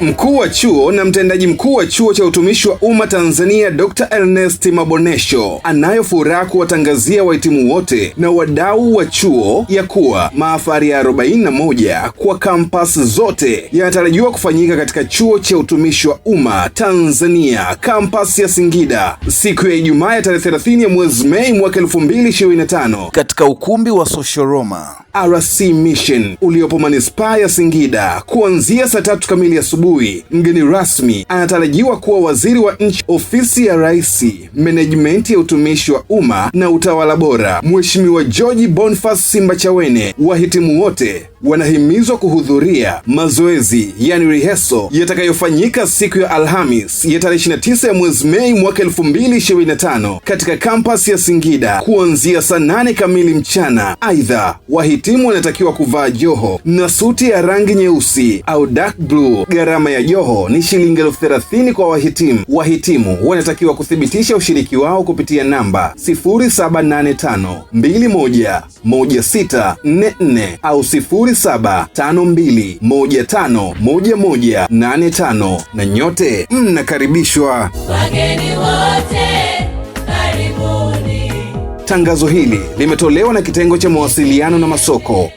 Mkuu wa chuo na mtendaji mkuu wa chuo cha utumishi wa umma Tanzania Dr. Ernest Mabonesho anayo furaha kuwatangazia wahitimu wote na wadau wa chuo ya kuwa mahafari ya 41 kwa kampasi zote yanatarajiwa kufanyika katika chuo cha utumishi wa umma Tanzania kampasi ya Singida siku ya Ijumaa ya tarehe 30 ya mwezi Mei mwaka 2025 katika ukumbi wa Soshoroma RC Mission uliopo manispaa ya Singida kuanzia saa tatu kamili asubuhi asubuhi, mgeni rasmi anatarajiwa kuwa waziri wa nchi ofisi ya rais, menejimenti ya utumishi wa umma na utawala bora, Mheshimiwa George Boniface Simbachawene. Wahitimu wote wanahimizwa kuhudhuria mazoezi yani riheso yatakayofanyika siku ya Alhamis ya tarehe 29 ya mwezi Mei mwaka 2025 katika kampas ya Singida kuanzia saa 8 kamili mchana. Aidha, wahitimu wanatakiwa kuvaa joho na suti ya rangi nyeusi au dark blue. Gharama ya joho ni shilingi elfu thelathini kwa wahitimu. Wahitimu wanatakiwa kuthibitisha ushiriki wao kupitia namba 0785211644 au 0 0752151185 na nyote mnakaribishwa. Wageni wote karibuni. Tangazo hili limetolewa na kitengo cha mawasiliano na masoko.